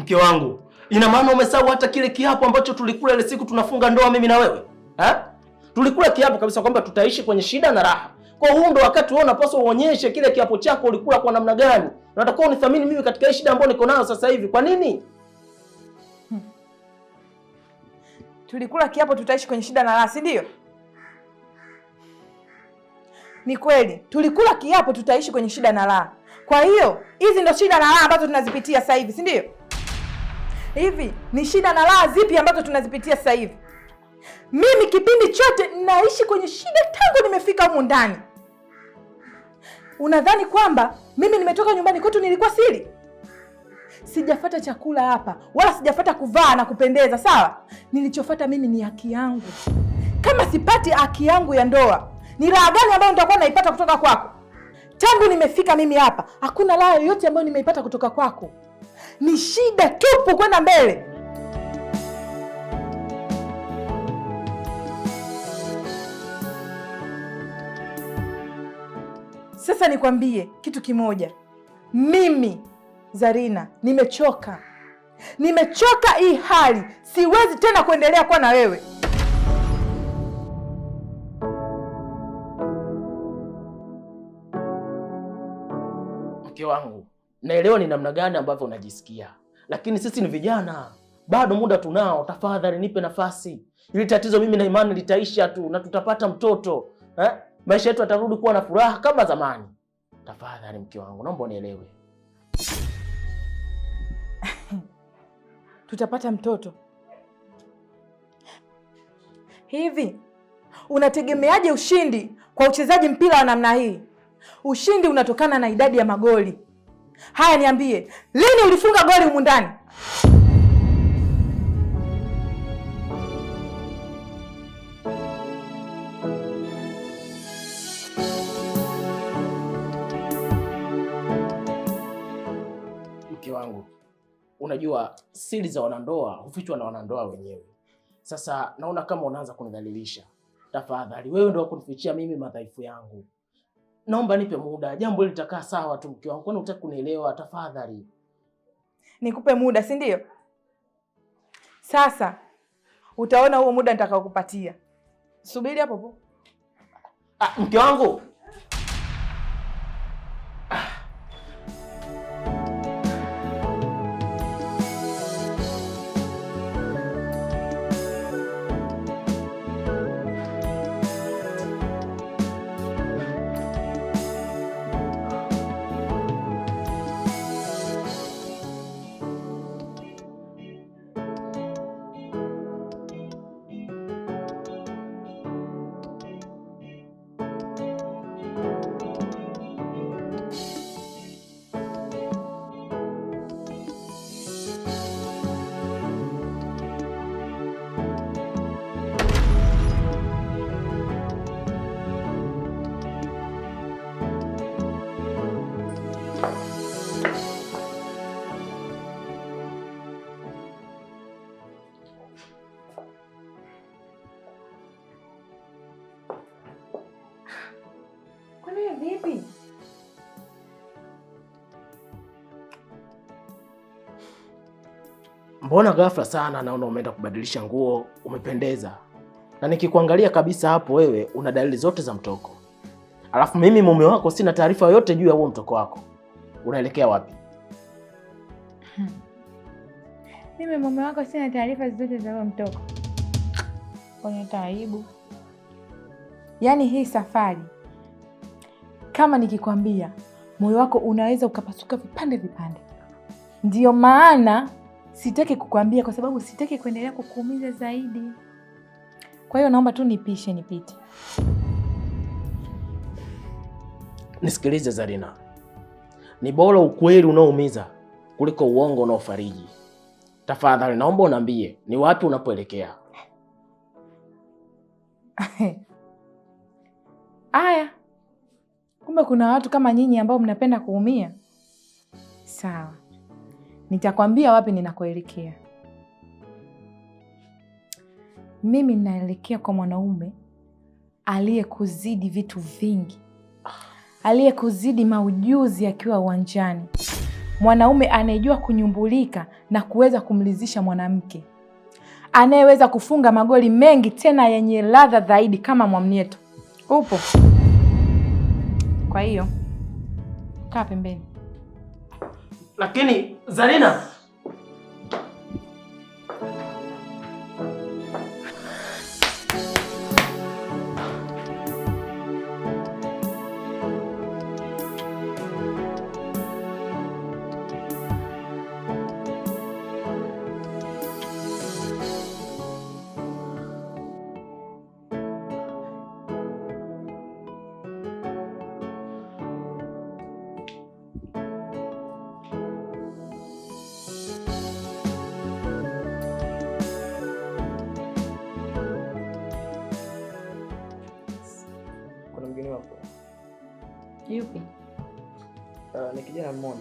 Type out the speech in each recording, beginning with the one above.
mke wangu, ina maana umesahau hata kile kiapo ambacho tulikula ile siku tunafunga ndoa mimi na wewe ha? Tulikula kiapo kabisa kwamba tutaishi kwenye shida na raha. Kwa huu ndo wakati wewe unapaswa uonyeshe kile kiapo chako ulikula kwa namna gani. Unatakiwa unithamini mimi katika hii shida ambayo niko nayo sasa hivi. Kwa nini? Hmm. Tulikula kiapo tutaishi kwenye shida na raha, si ndio? Ni kweli. Tulikula kiapo tutaishi kwenye shida na raha. Kwa hiyo hizi ndo shida na raha ambazo tunazipitia sasa hivi, si ndio? Hivi ni shida na laa zipi ambazo tunazipitia sasa hivi? Mimi kipindi chote naishi kwenye shida tangu nimefika humu ndani. Unadhani kwamba mimi nimetoka nyumbani kwetu nilikuwa sili? Sijafata chakula hapa wala sijafata kuvaa na kupendeza, sawa? Nilichofata mimi ni haki yangu. Kama sipati haki yangu ya ndoa, ni raha gani ambayo nitakuwa naipata kutoka kwako? Tangu nimefika mimi hapa, hakuna raha yoyote ambayo nimeipata kutoka kwako ni shida tupu kwenda mbele. Sasa nikwambie kitu kimoja, mimi Zarina nimechoka, nimechoka hii hali, siwezi tena kuendelea kuwa na wewe. Mke wangu naelewa ni namna gani ambavyo unajisikia, lakini sisi ni vijana, bado muda tunao. Tafadhali nipe nafasi, ili tatizo mimi na imani litaisha tu na tutapata mtoto eh? maisha yetu yatarudi kuwa na furaha kama zamani. Tafadhali mke wangu, naomba unielewe. Tutapata mtoto? Hivi unategemeaje ushindi kwa uchezaji mpira wa namna hii? Ushindi unatokana na idadi ya magoli Haya, niambie, lini ulifunga goli humu ndani? Mke wangu, unajua siri za wanandoa hufichwa na wanandoa wenyewe. Sasa naona kama unaanza kunidhalilisha. Tafadhali wewe ndio kunifichia mimi madhaifu yangu naomba nipe muda, jambo hili litakaa sawa tu. Mke wangu, kwani hutaki kunielewa? Tafadhali nikupe muda, si ndio? Sasa utaona huo muda nitakaokupatia. Subiri hapo po Ah, mke wangu mbona ghafla sana naona umeenda kubadilisha nguo, umependeza na nikikuangalia kabisa hapo, wewe una dalili zote za mtoko, alafu mimi mume wako sina taarifa yoyote juu ya huo mtoko wako. Unaelekea wapi? Hmm. Mimi mume wako sina taarifa zote za huo mtoko kwenye taibu. Yaani hii safari kama nikikwambia, moyo wako unaweza ukapasuka vipande vipande. Ndiyo maana sitaki kukwambia kwa sababu sitaki kuendelea kukuumiza zaidi. Kwa hiyo naomba tu nipishe nipite. Nisikilize Zarina, ni bora ukweli unaoumiza kuliko uongo unaofariji. Tafadhali naomba unaambie ni wapi unapoelekea. Aya, kumbe kuna watu kama nyinyi ambao mnapenda kuumia. Sawa, nitakwambia wapi ninakoelekea. Mimi ninaelekea kwa mwanaume aliyekuzidi vitu vingi, aliyekuzidi maujuzi akiwa uwanjani, mwanaume anayejua kunyumbulika na kuweza kumridhisha mwanamke, anayeweza kufunga magoli mengi tena yenye ladha zaidi kama mwamnieto upo. Kwa hiyo kaa pembeni, lakini Zarina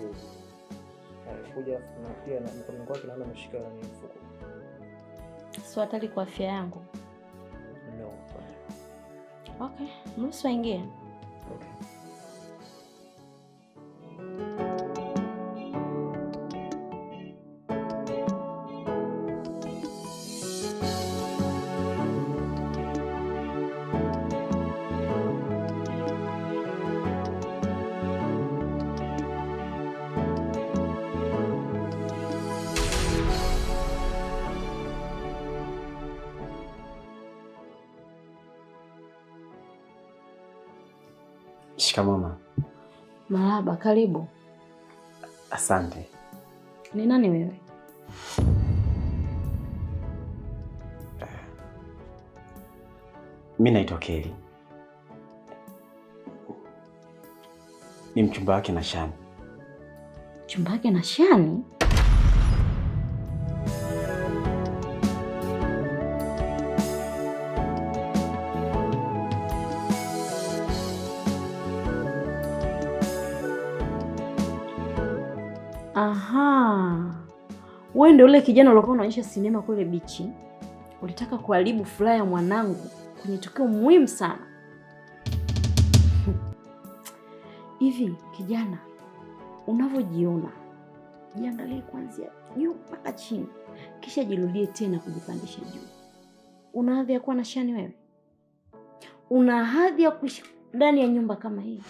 mbuzi alikuja pia na mkono kwake naona ameshika nani mfuko. Si hatari kwa afya yangu? No. Okay, mruhusu aingie. Shikamama. maraba karibu. Asante. Ni nani wewe? mi naitwa Kelly. Ni mchumba wake na Shani. Mchumba wake na Shani? wewe ndio ule kijana uliokuwa unaonyesha sinema kule bichi, ulitaka kuharibu furaha ya mwanangu kwenye tukio muhimu sana. Hivi kijana, unavyojiona jiangalie kuanzia juu mpaka chini, kisha jirudie tena kujipandisha juu. Una hadhi ya kuwa na shani wewe? Una hadhi ya kuishi ndani ya nyumba kama hii?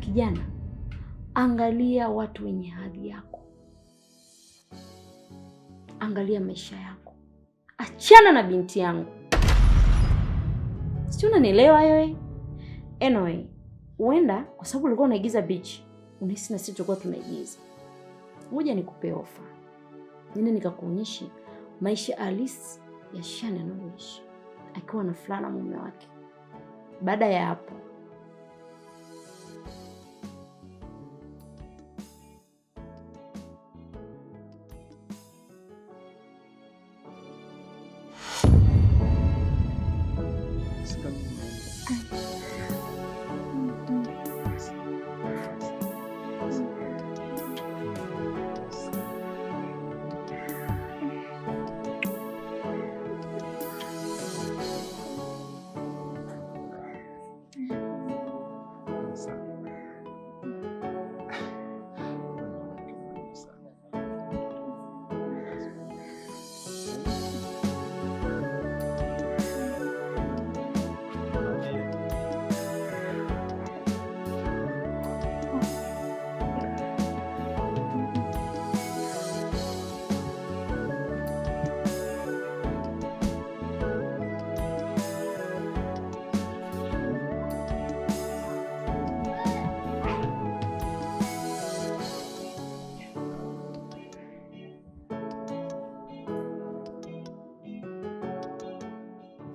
Kijana, angalia watu wenye hadhi yako angalia maisha yako, achana na binti yangu. Si unanielewa wewe? Anyway, huenda kwa sababu ulikuwa unaigiza bichi, unahisi na sisi tulikuwa tunaigiza. Ngoja nikupe ofa, nina nikakuonyeshe maisha halisi ya Shani anayoishi akiwa na fulana mume wake. Baada ya hapo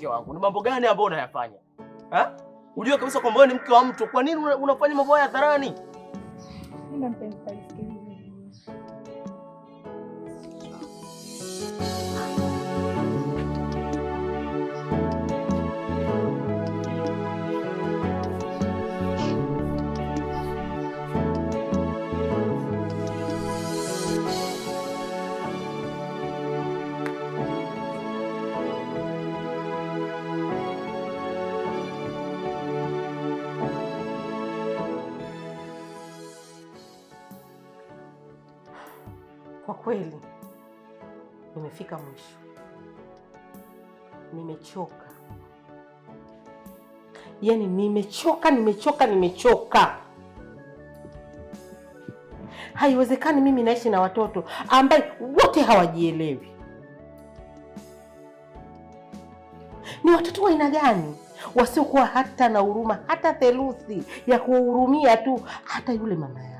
mke wangu, ni mambo gani ambayo unayafanya ha? Ujue kabisa kwamba wewe ni mke wa mtu, kwa nini unafanya mambo haya hadharani? Mpenzi Nimefika mwisho, nimechoka, yaani nimechoka, nimechoka, nimechoka. Haiwezekani mimi naishi na watoto ambaye wote hawajielewi. Ni watoto wa aina gani wasiokuwa hata na huruma hata theluthi ya kuhurumia tu hata yule mama yao?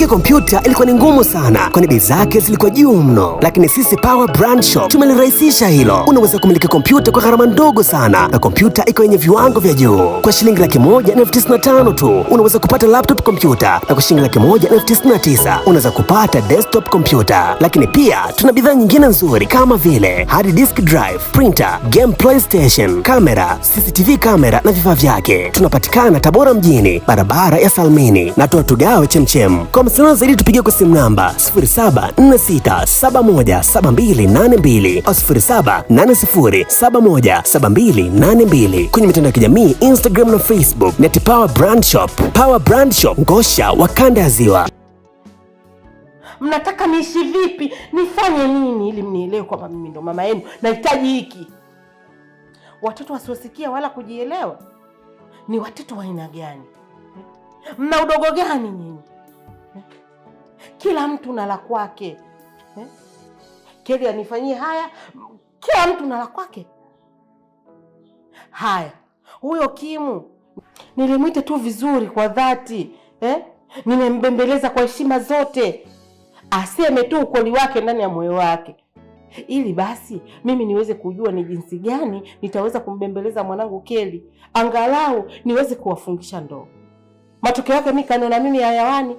Kumiliki kompyuta ilikuwa ni ngumu sana, kwani bei zake zilikuwa juu mno, lakini sisi Power Brand Shop tumelirahisisha hilo. Unaweza kumiliki kompyuta kwa gharama ndogo sana, na kompyuta iko yenye viwango vya juu. Kwa shilingi laki moja na elfu tisini na tano tu unaweza kupata laptop kompyuta, na kwa shilingi laki moja na elfu tisini na tisa unaweza kupata desktop kompyuta. Lakini pia tuna bidhaa nyingine nzuri kama vile hard disk drive, printer, game playstation, kamera, CCTV kamera na vifaa vyake. Tunapatikana Tabora mjini, barabara ya Salmini na tuatugawe chemchem. Mawasiliano zaidi tupigie kwa simu namba 0746717282 au 0780717282 kwenye mitandao ya kijamii Instagram na Facebook net Power Brand Shop. Power Brand Shop, Ngosha wa Kanda ya Ziwa. Mnataka niishi vipi? Nifanye nini ili mnielewe kwamba mimi ndo mama yenu? Nahitaji hiki. Watoto wasiosikia wala kujielewa ni watoto wa aina gani? Mna udogo gani? kila mtu na la kwake eh? Keli anifanyie haya, kila mtu na la kwake haya. Huyo Kimu nilimwite tu vizuri kwa dhati eh? Nimembembeleza kwa heshima zote, aseme tu ukweli wake ndani ya moyo wake, ili basi mimi niweze kujua ni jinsi gani nitaweza kumbembeleza mwanangu Keli, angalau niweze kuwafungisha ndoa. Matokeo yake mimi kanona mimi hayawani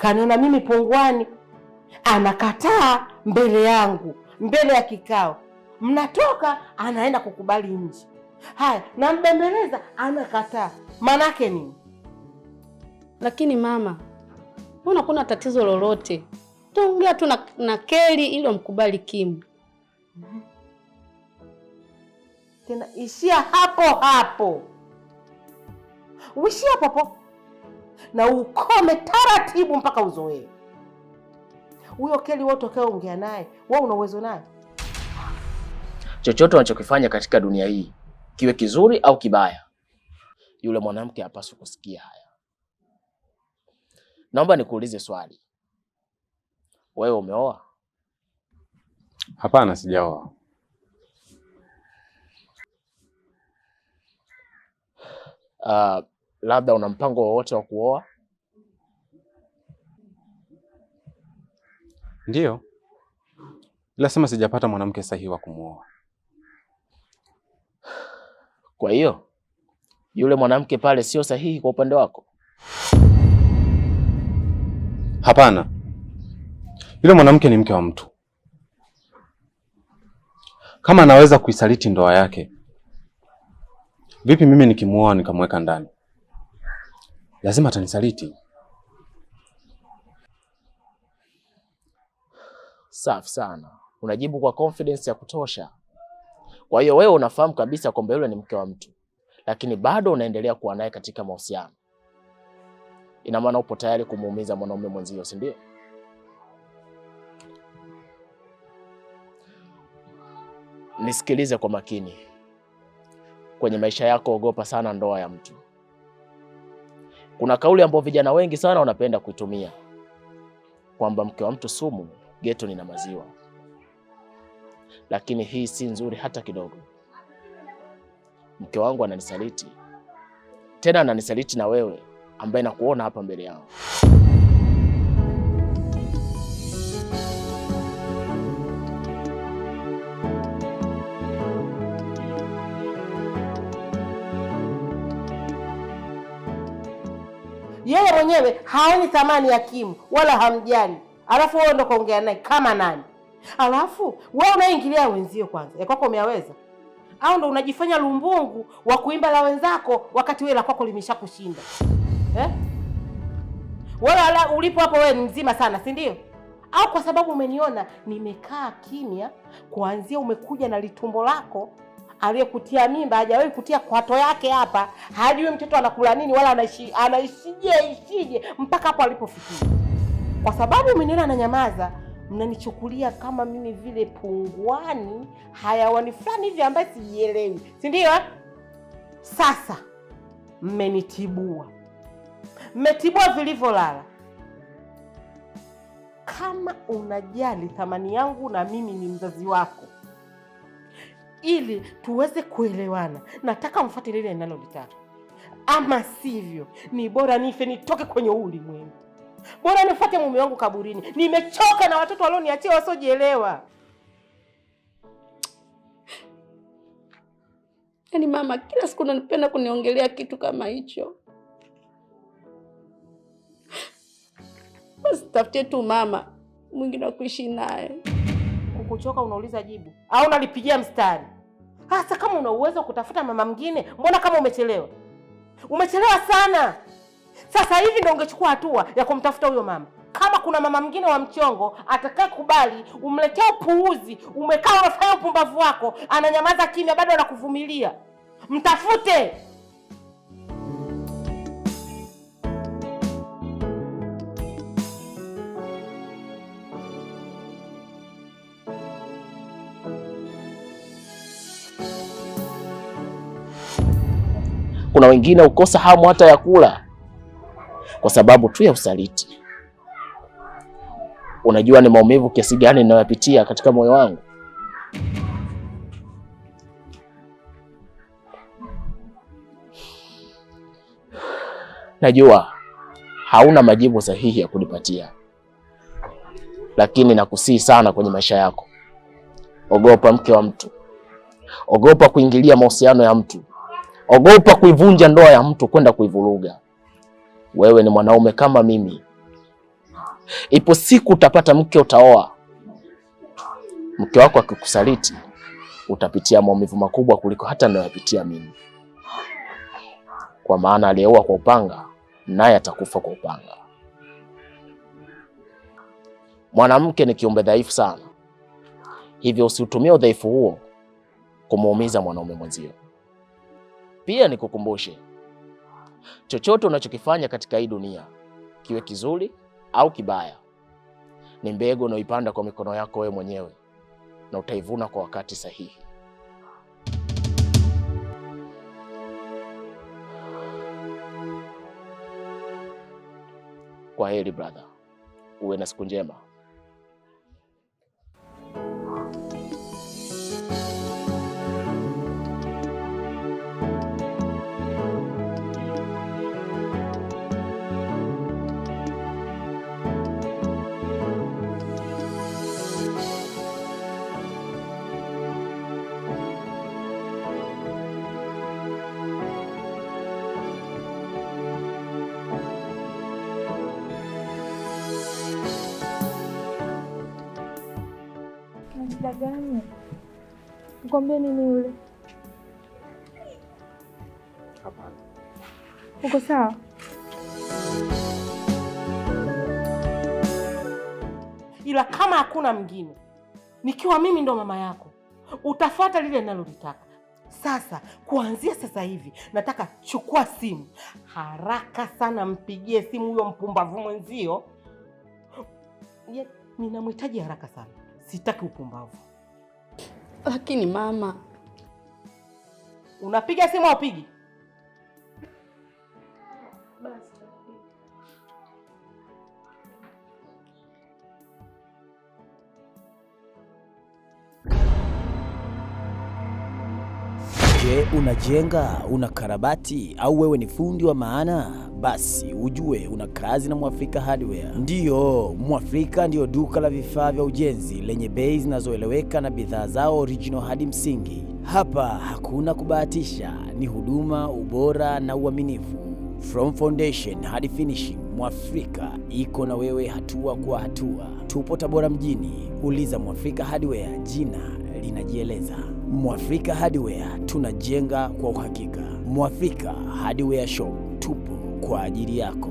kaniona mimi pungwani, anakataa mbele yangu, mbele ya kikao, mnatoka anaenda kukubali nje. Haya, nambembeleza anakataa, manake nini? Lakini mama, mbona kuna tatizo lolote? Tuongea tu na, na Keli ili wamkubali Kimu. Tena ishia hapo hapo, wishia popo na ukome taratibu mpaka uzoee. Huyo Keli wewe ongea naye, wewe una uwezo naye? Chochote unachokifanya katika dunia hii kiwe kizuri au kibaya, yule mwanamke hapaswi kusikia haya. Naomba nikuulize swali, wewe umeoa? Hapana, sijaoa. Uh, labda una mpango wowote wa kuoa? Ndiyo, ila sema sijapata mwanamke sahihi wa kumuoa. Kwa hiyo yule mwanamke pale sio sahihi kwa upande wako? Hapana, yule mwanamke ni mke wa mtu. Kama anaweza kuisaliti ndoa yake, vipi mimi nikimuoa nikamweka ndani? lazima atanisaliti. Safi sana, unajibu kwa confidence ya kutosha. Kwa hiyo wewe unafahamu kabisa kwamba yule ni mke wa mtu, lakini bado unaendelea kuwa naye katika mahusiano. Ina maana upo tayari kumuumiza mwanaume mwenzio, si ndio? Nisikilize kwa makini. Kwenye maisha yako, ogopa sana ndoa ya mtu. Kuna kauli ambayo vijana wengi sana wanapenda kuitumia kwamba mke wa mtu sumu, geto na maziwa, lakini hii si nzuri hata kidogo. Mke wangu ananisaliti, tena ananisaliti na wewe ambaye nakuona hapa mbele yao. yeye mwenyewe haoni thamani ya Kimu wala hamjali alafu wewe ndo kaongea naye kama nani? Alafu wewe unaingilia wenzio kwanza, ya kwako umeaweza au ndo unajifanya lumbungu wa kuimba la wenzako wakati wewe la kwako limeshakushinda eh? ala ulipo hapo wewe ni mzima sana, si ndio? Au kwa sababu umeniona nimekaa kimya, kuanzia umekuja na litumbo lako aliyekutia mimba hajawahi kutia kwato yake hapa, hajui mtoto anakula nini wala anaishi anaishije ishije mpaka hapo alipofikia. Kwa sababu na nyamaza mnanichukulia kama mimi vile pungwani, hayawani fulani hivi ambaye sijielewi, si ndio? Eh? Sasa mmenitibua, mmetibua vilivyolala. Kama unajali thamani yangu na mimi ni mzazi wako ili tuweze kuelewana. Nataka mfuate lile ninalolitaka, ama sivyo ni bora nife, nitoke kwenye ulimwengu. Bora nifuate mume wangu kaburini. Nimechoka na watoto walioniachia wasiojielewa. Yaani mama, kila siku unanipenda kuniongelea kitu kama hicho. Basi tafutie tu mama mwingine wa kuishi naye kuchoka unauliza jibu au unalipigia mstari. Hasa kama una uwezo wa kutafuta mama mwingine, mbona kama umechelewa? Umechelewa sana. Sasa hivi ndio ungechukua hatua ya kumtafuta huyo mama. Kama kuna mama mwingine wa mchongo atakaye kubali umletee upuuzi, umekaa unafanya upumbavu wako, ananyamaza kimya, bado anakuvumilia, mtafute. kuna wengine hukosa hamu hata ya kula kwa sababu tu ya usaliti. Unajua ni maumivu kiasi gani ninayopitia katika moyo wangu. Najua hauna majibu sahihi ya kunipatia, lakini nakusihi sana kwenye maisha yako, ogopa mke wa mtu, ogopa kuingilia mahusiano ya mtu, Ogopa kuivunja ndoa ya mtu kwenda kuivuruga. Wewe ni mwanaume kama mimi, ipo siku utapata mke, utaoa. Mke wako akikusaliti, utapitia maumivu makubwa kuliko hata ninayopitia mimi, kwa maana aliyeua kwa upanga naye atakufa kwa upanga. Mwanamke ni kiumbe dhaifu sana, hivyo usiutumie udhaifu huo kumuumiza mwanaume mwenzio. Pia nikukumbushe, chochote unachokifanya katika hii dunia, kiwe kizuri au kibaya, ni mbegu unaoipanda kwa mikono yako wewe mwenyewe, na utaivuna kwa wakati sahihi. Kwa heri brother, uwe na siku njema. muda Nikwambie nini yule? Hapana. Uko sawa? Ila kama hakuna mgine nikiwa mimi ndo mama yako, utafuata lile nalolitaka. Sasa kuanzia sasa hivi nataka chukua simu haraka sana, mpigie simu huyo mpumbavu mwenzio. Ninamhitaji haraka sana. Sitaki upumbavu. Lakini mama, unapiga simu au upigi? Je, unajenga, unakarabati au wewe ni fundi wa maana? basi ujue una kazi na Mwafrika Hardware. Ndiyo, Mwafrika ndiyo duka la vifaa vya ujenzi lenye bei zinazoeleweka na bidhaa zao original hadi msingi. Hapa hakuna kubahatisha, ni huduma, ubora na uaminifu. From foundation hadi finishing, Mwafrika iko na wewe hatua kwa hatua. Tupo Tabora mjini, uliza Mwafrika Hardware, jina linajieleza. Mwafrika Hardware, tunajenga kwa uhakika. Mwafrika Hardware Shop kwa ajili yako.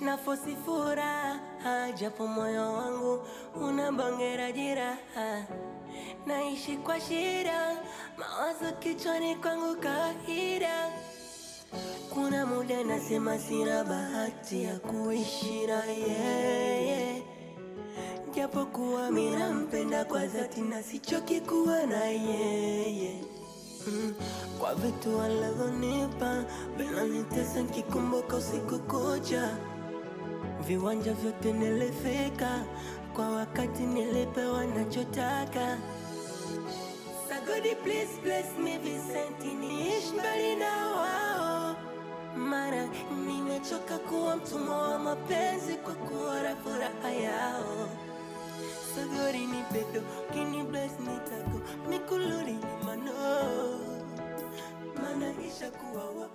Nafosi furaha japo moyo wangu unabongera jeraha, naishi kwa shida mawazo kichwani kwangu kahira Kuna muda nasema sina bahati ya kuishi na yeye, japo kuwa mimi nampenda kwa dhati na sichoki kuwa na yeye mm, Kwa vitu alivyonipa bila nitesa, nikikumbuka usiku kucha, viwanja vyote nilifika kwa wakati, nilipewa nachotaka. Lord, please bless me Vincent, niishi mbali na wao, mara nimechoka kuwa mtumwa wa mapenzi kwa kuora furaha yao. Sagori ni bedo kini bless ni tako mikuluri ni mano mana isha kuwa